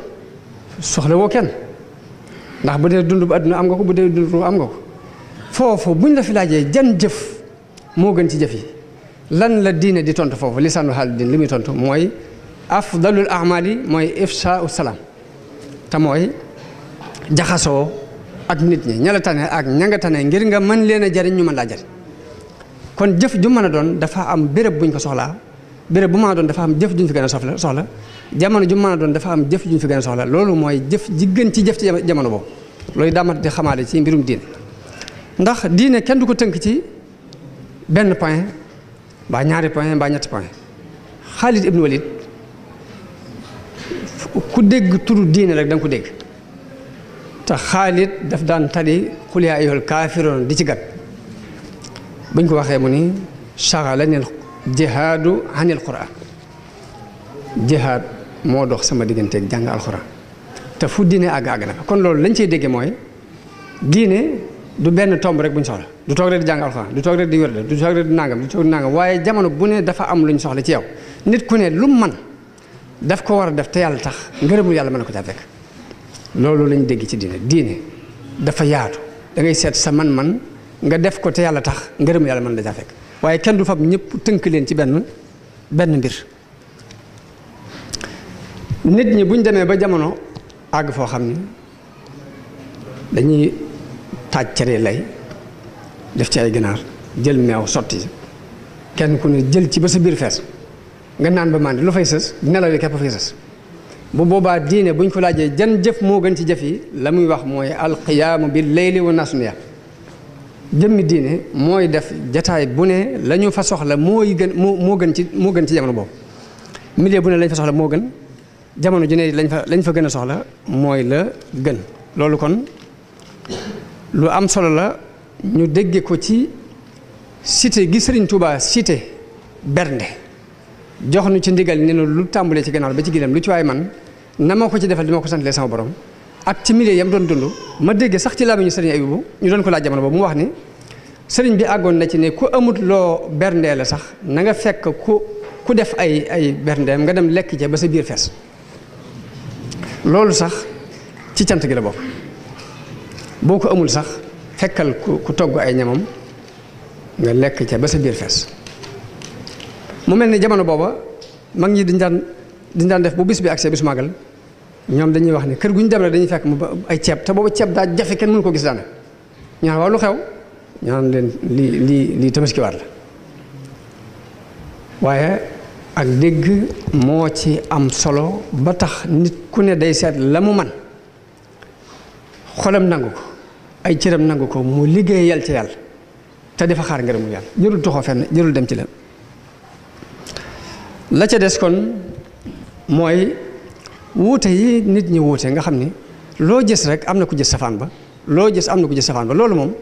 soxla woo kenn ndax bu dee dund bu àdduna am nga ko bu dee dund ruu am nga ko foofu buñ la fi laajee jan jëf moo gën ci jëf yi lan la diine di tontu foofu li lisaanu xaalu din li muy tontu mooy afdalul amali mooy ifsaau salaam te mooy jaxasoo ak nit ñi ña la ak ña nga tane ngir nga mën leen a jariñ ñu man laa jariñ kon jëf ju doon dafa am béréb buñ ko soxlaa béréb bu maa doon dafa am jëf juñ fi gën a soxla soxla jamono ju mën a doon dafa am jëf juñ fi gën a soxla loolu mooy jëf ji gën ci jëf ci jamono boobu loolu daa mat di xamaale ci mbirum diine ndax diine kenn du ko tënk ci benn point baa ñaari point mbaa ñetti point Xaalid ibnu Walid ku dégg turu diine rek da nga ko dégg te Xaalid daf daan tari qul yaa ayyuhal kaafiruun di ci gat buñ ko waxee mu ni chagalani al jihaadu ani al quran jihaad moo dox sama diggante jàng alquran te fu diine àgg àgg na kon loolu lañ ci déggee mooy diine du benn tomb rek bu ñu soxla du toog rek di jàng alxuraan du toog rek di wérde du toog rek di nangam du toog di nangam waaye jamono bu ne dafa am lu ñu soxla ci yow nit ku ne lu mu mën daf ko war a def te yàlla tax ngërëmul yàlla mën na ko caa fekk loolu lañ dégg ci diine diine dafa yaatu da ngay seet sa man-man nga def ko te yàlla tax ngërëmul yàlla mën na caa fekk waaye kenn du fab ñëpp tënk leen ci benn benn mbir nit ñi buñ demee ba jamono àgg foo xam ni dañuy taaj cere lay def ci ay ginaar jël meew sotti kenn ku ne jël ci ba sa biir fees nga naan ba màndi lu fay sës nelaw yi képp fay sës bu boobaa diine buñ ko laajee jan jëf moo gën ci jëf yi la muy wax mooy alqiyaamu bi leyli wa nasuniya jëmmi diine mooy def jataay bu ne la fa soxla mooy gën moo moo gën ci moo gën ci jamono boobu milieu bu ne lañ fa moo gën jamono ju lañ fa lañ fa gën a soxla mooy la gën loolu kon lu am solo la ñu dégge ko ci site gi Sëriñ Tuubaa cité bernde jox nu ci ndigal ne lu tàmbalee ci gannaaw ba ci ginnaaw lu ci waay man na ma ko ci defal di ma ko santalee sama borom ak ci milieu yam doon dund ma dégge sax ci làmmiñu Sëriñ Abibu ñu doon ko laa jamono boobu mu wax ni sëriñ bi àggoon na ci ne ku amut loo berndee la sax na nga fekk ku ku def ay ay berndeem nga dem lekk ca ba sa biir fees loolu sax ci cant gi la bokk boko amul sax fekkal ku togg ay ñamam nga lekk ca ba sa biir fees mu mel ni jamono booba mag ñi dañ daan dañ daan def bu bis bi ak see bisu màggal ñoom dañuy wax ni kër gu dem la dañuy fekk ay ceeb te booba ceeb daa jafe kenn mënu ko gis daana ñu naan waaw lu xew ñu naan leen lii lii lii tabaski waat la waaye ak dégg moo ci am solo ba tax nit ku ne day seet la mu man xolam nangu ko ay cëram nangu ko mu liggéeyal ci yàlla te dafa xaar ngërëmu yàlla jërul toxoo fenn jërul dem ci leen la ca des kon mooy wuute yi nit ñi wuute nga xam ni loo jës rek am na ku gis safaan ba loo gis am na ku gis safaan loolu moom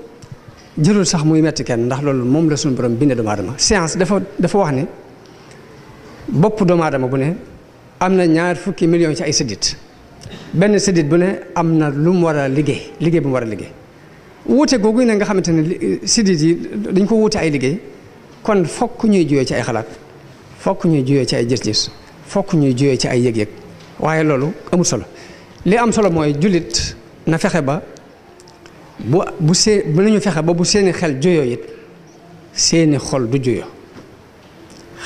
jërul sax muy metti kenn ndax loolu moom la suñu borom binde doomu aadama science dafa dafa wax ni bopp doomu aadama bu ne am na ñaar fukki million ci ay séddit benn séddit bu ne am na lu mu war a liggéey liggéey bu mu war a liggéey wuute googu nag nga xamante ne eh, sidit yi dañ ko wuute ay liggéey kon fokk ñuy juyee ci ay xalaat fokk ñuy juyee ci ay gis-gis fokk ñuy juyee ci ay yëg-yëg waaye loolu amul solo li am solo mooy jullit na fexe ba bu bu see nañu fexe ba bu seeni xel juyoo yit seeni xol du juyo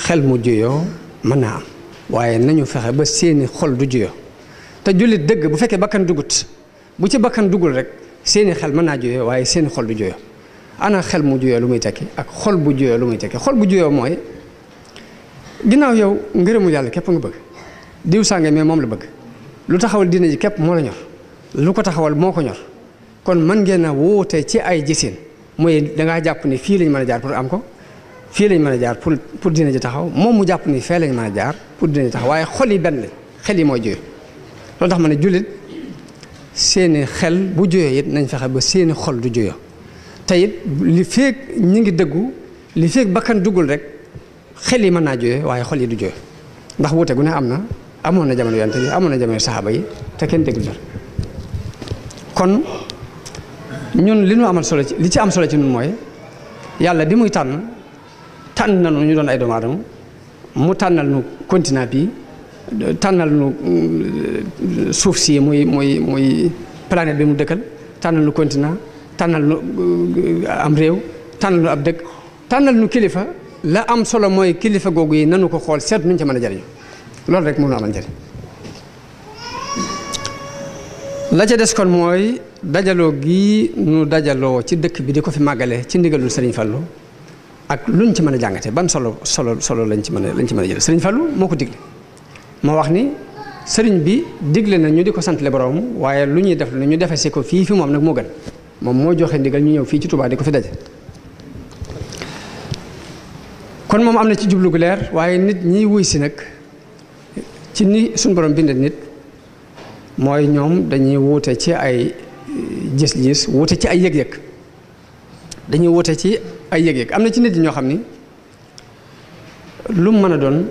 xel mu juyoo mën naa am waaye nañu fexe ba seeni xol du juyo te jullit dëgg bu fekkee bakkan dugut bu ci bakkan dugul rek seeni xel mën naa juyoo waaye seeni xol du juyoo ana xel mu juyoo lu muy tekki ak xol bu juyoo lu muy tekki xol bu juyoo mooy ginnaaw yow mu yàlla képp nga bëgg diw sànga mais moom la bëgg lu taxawal diina ji képp moo la ñor lu ko taxawal moo ko ñor kon mën ngeen a wuute ci ay gisin mooy dangaa jàpp ni fii lañ mën a jaar pour am ko fii lañ mën a jaar pour pour diina ji taxaw moom mu jàpp ni fee lañ mën jaar pour diina ji taxaw waaye xol yi benn lañ xel yi mooy juyoo loolu tax seeni xel bu juyoo it nañ fexe ba seeni xol du juyoo te it li feeg ñi ngi dëggu li feeg bakkan duggul rek xel yi mën naa juyoo waaye xol yi du juyoo ndax wuute gu ne am na amoon na jamono yonent bi amoon na jamono saxaaba yi te kenn déggul kon ñun li ñu amal solo ci li ci am solo ci ñun mooy yàlla bi muy tànn tànn na nañu ñu doon ay doomu aadama mu tànnal nu continent bi tànnal nu euh, suuf si muy muy muy planète bi mu dëkkal tànnal nu continent tànnal nu euh, am réew tànnal nu ab dëkk tànnal nu kilifa la am solo mooy kilifa googu yi nanu ko xool seet nuñ ca mën a jariñu loolu rek moom am amal njariñ la ca des kon mooy dajaloo gi nu dajaloo ci dëkk bi di ko fi màggale ci ndigalul Serigne Fallou ak luñ ci mën a jàngate ban solo solo solo lañ ci mën a lañ ci mën a jël Serigne Fallou moo ko digle moo wax ni sëriñ bi digle na ñu di ko sant borom waaye lu ñuy def lu ñu defe si ko fii fi moom nag moo gën moom moo joxe ndigal ñu ñëw fii ci Touba di ko fi daje. kon moom am na ci jublu gu leer waaye nit ñiy wuy si nag ci ni suñu borom bind nit mooy ñoom dañuy wuute ci ay gis-gis wuute ci ay yëg-yëg dañuy wuute ci ay yëg-yëg am na ci nit ñoo xam ni lu mën a doon.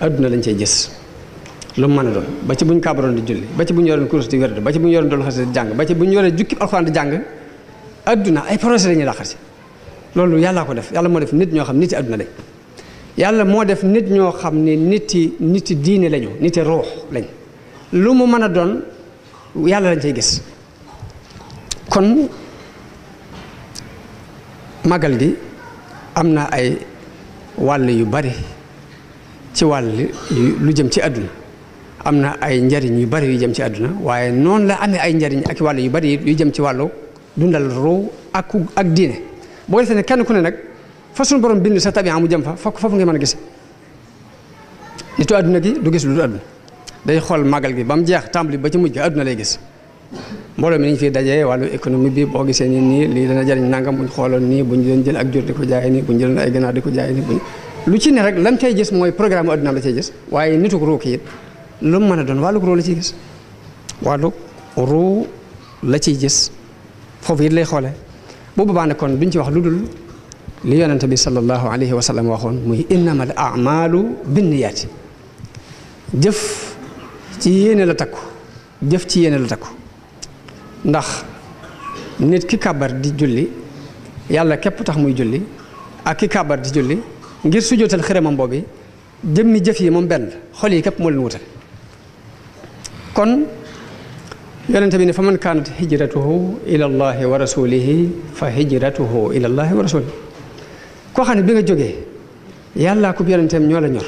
adduna lañ cay gis lu mu mën a doon ba ci buñ kaabaroon di julli ba ci buñ yoroon kurus di wérde ba ci buñ yoroon doon xasida di jàng ba ci buñ yoree jukki alxuraan di jàng adduna ay projet la ñuy si loolu yàllaa ko def yàlla moo def nit ñoo xam nit yi moo def nit ñoo xam ne nit yi nit yi diine lañu nit yi ruux lañ lu mu mën a doon yàlla lañ cay gis kon magal gi am na ay wàll yu bari ci wàll lu jëm ci àdduna am na ay njariñ yu bari yu jëm ci àdduna waaye noonu la amee ay njariñ ak wàll yu bari yu jëm ci wàllu dundal ruu ak ak diine boo defee ne kenn ku ne nag fa suñu borom bind sa tabiya mu jëm fa fokk foofu nga mën a gis nitu àdduna gi du gis lu dul àdduna day xool màggal gi ba mu jeex tàmbali ba ci mujj àdduna lay gis mbooloo mi nañ fi dajee wàllu économie bi boo gisee nii nii lii dana jariñ nangam buñ xooloon nii buñ doon jël ak jur di ko jaay nii buñ jëloon ay ganaar di ko jaay nii buñ lu ci ne rek lam cay gis mooy programme adduna la cay gis waaye nituk ruu ki it lu mu mën a doon wàllug ruu la ciy gis wàllug ciy gis foofu it lay xoole bu boobaa ne kon duñ ci wax lu dul li yonente bi sallallahu alayhi wa sallam waxoon muy innamal amalu binniyaati jëf ci yéene la takku jëf ci yéene la takku ndax nit ki kaabar di julli yàlla képp tax muy julli ak ki kàbbar di julli ngir sujjóotal xërëmam bi jëmmi jëf yi moom benn xol yi képp moo leen wutal kon yonente bi ne fa man kaanat hijratuhu ila allahi wa rasulihi fa hijratuhu ila allahi wa rasulihi koo xam bi nga jógee yàllaa ko yonenteem ñoo la ñor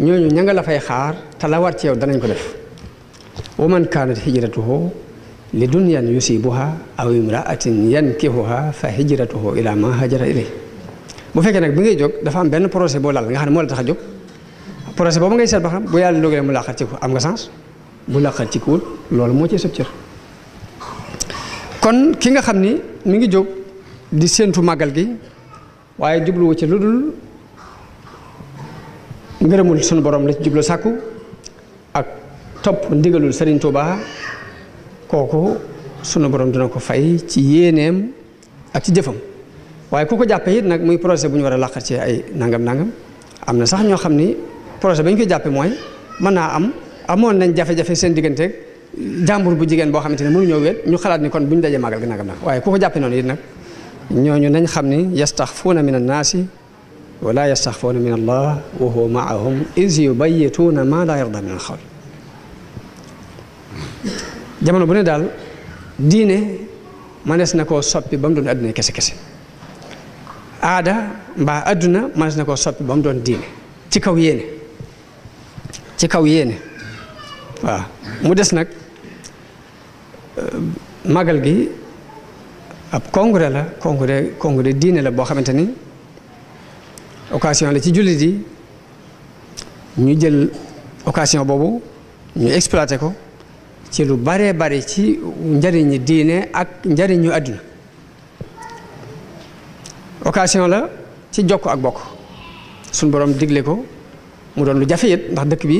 ñooñu ña nga la fay xaar te la war ci yow danañ ko def wa man kaanat hijratuhu li dunyan yusibuha aw imraatin yankihuha fa hijratuhu ila ma hajara bu fekkee nag bi ngay jóg dafa am benn projet boo lal nga xam ne moo la tax a jóg projet boobu ngay seet ba xam bu yàlla dogalee mu laqal ci ko am nga sens bu laqal ci kuwul loolu moo ci sëb cër kon ki nga xam ni mu ngi jóg di séentu màggal gi waaye jubluwu ci lu dul ngërëmul sunu borom la ci jublu sàkku ak topp ndigalul Serigne Touba kooku sunu borom dina ko fay ci yéeneem ak ci jëfam. waaye ku ko jàppee it nag muy projet bu ñu war a làqat ci ay nangam nangam am na sax ñoo xam ni projet ba ñu ko jàppee mooy mën naa am amoon nañ jafe-jafe seen diggante jàmbur bu jigéen boo xamante ne mënuñoo wéet ñu xalaat ni kon bu ñu dajee màggal gi nangam nangam waaye ku ko jàppee noonu it nag ñooñu nañ xam ni yastaxfuuna min annaasi wala yastaxfuuna min allah wa huwa maahum is yubayituuna ma laa yarda min alxawl jamono bu ne daal diine manees na koo soppi ba mu doon adduna kese kese aada mbaa adduna mënees na koo soppi ba mu doon diine ci kaw yéene ci kaw yéene waaw mu des nag euh, magal gi ab congrès la congrès congrès diine la boo xamante ni occasion la ci jullit yi ñu jël occasion boobu ñu exploité ko ci lu baree bari ci njëriñu diine ak njëriñu adduna occasion la ci jokk ak bokk suñ borom digle ko mu doon lu jafe it ndax dëkk bi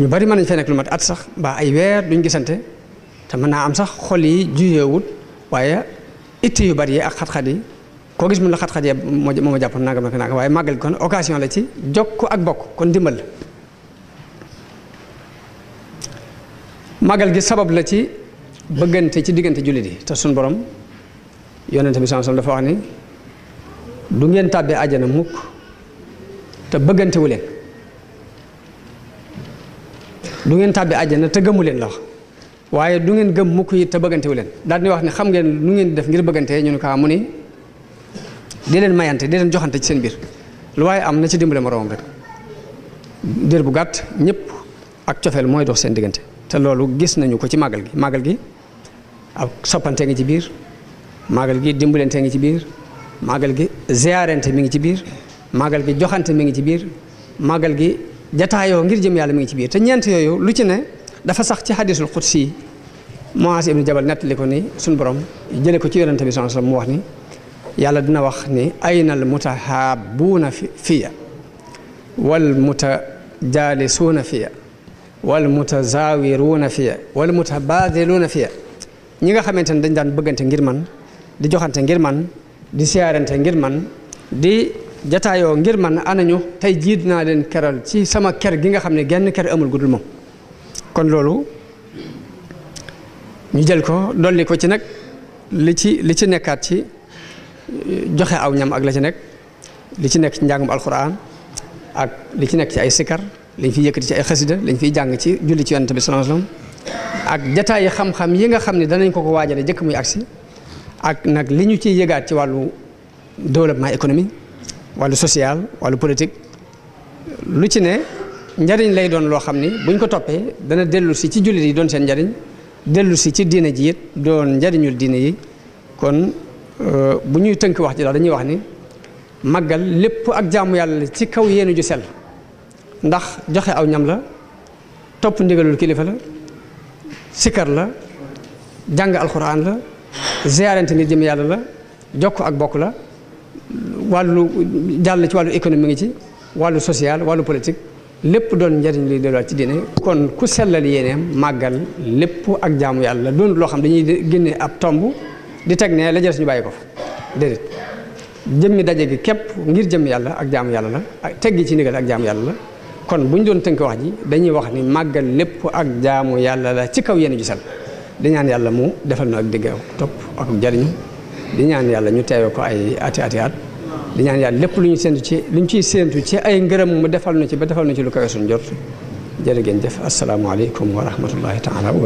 ñu bari ma nañ fee lu mat at sax mbaa ay weer duñ gisante te mën naa am sax xol yi juyeewut waaye it yu bari yi ak xat-xat yi koo gis mun la xat-xat yi moo moo ma jàppoon nangam ak nangam waaye màggal kon occasion la ci jokk ak bokk kon ndimbal la màggal gi sabab la ci bëggante ci diggante jullit yi te suñ borom yonente bi sallallahu alayhi wasallam dafa wax ni du ngeen tàbbee àjjana mukk te bëggantewu leen du ngeen tàbbee àjjana te gëmu leen la waaye du ngeen gëm mukk yi te bëggantewu leen daal di wax ne xam ngeen lu ngeen def ngir bëggantee ñu ne ko ah, mu ni di leen mayante di leen joxante ci seen biir lu waaye am na ci dimbale moroomam rek diir bu gàtt ñépp ak cofeel mooy dox seen diggante te loolu gis nañu ko ci màggal gi màggal gi ak soppante ngi ci biir màggal gi dimbalante ngi ci biir màggal gi ziyaarante mi ngi ci biir màggal gi joxante mi ngi ci biir màggal gi jataayoo ngir jëm yàlla mi ngi ci biir te ñeent yooyu lu ci ne dafa sax ci hadisul si yi Muaas ibnu Jabal nettali ko ni suñu borom jële ko ci yonente bi sallallahu alayhi wasallam mu wax ni yàlla dina wax ni aynal mutahabbuuna fiya wal muta mutajaalisuuna fiya wal mutazaawiruuna fiya wal mutabadiluuna fiya ñi nga xamante ne dañ daan bëggante ngir man di joxante ngir man di siyaarante ngir man di jataayoo ngir man anañu tey jiit naa leen keral ci sama ker gi nga xam ne genn ker amul gudul moom kon loolu ñu jël ko dolli ko ci nag li ci li ci nekkaat ci eh, joxe aw ñam ak la ci nekk li ci nekk ci njàngum alquran ak li ci nekk ci ay sikar liñ fi yëkkati ci ay xasida liñ fiy jàng ci julli ci yonent bi sallallahu ak jataayi xam-xam yi nga xam ne danañ ko ko waajale jëkk muy agsi ak nag li ñu ciy yëgaat ci wàllu développement économique wàllu social wàllu politik lu ci ne njariñ lay doon loo xam ni buñ ko toppee dana dellu si ci jullit yi doon seen njariñ dellu si ci diina ji it doon njariñul diine yi kon euh, bu ñuy tënk wax ji daal dañuy wax ni màggal lépp ak jaamu yàlla ci kaw yéenu ju sell ndax joxe aw ñam la topp ndigalul kilifa la sikar la jàng alxuraan la ziarante nit jëm yàlla la jokk ak bokk la wàllu jàll ci wàllu économie ngi ci wàllu social wàllu politique lépp doon njëriñ li delluwaat ci diine kon ku sellal yéeneem màggal lépp ak jaamu yàlla doon loo xam dañuy génne ab tomb di teg ne la jël suñu ko fa déedéet daje gi képp ngir jëmm yàlla ak jaamu yàlla la ak teggi ci ndigal ak jaamu yàlla la kon bu ñu doon tënk wax ji dañuy wax ni màggal lépp ak jaamu yàlla la ci kaw yenn ju gisal di ñaan yàlla mu defal na ak dégg ak topp ak jariñu di ñaan yàlla ñu teewe ko ay ati ati at di ñaan yàlla lépp lu ñu séntu ci lu ñu ciy séntu ci ay ngërëm mu defal na ci ba defal na ci lu kawe suñ jot jërë ngeen jëf asalaamaaleykum wa rahmatullahi taala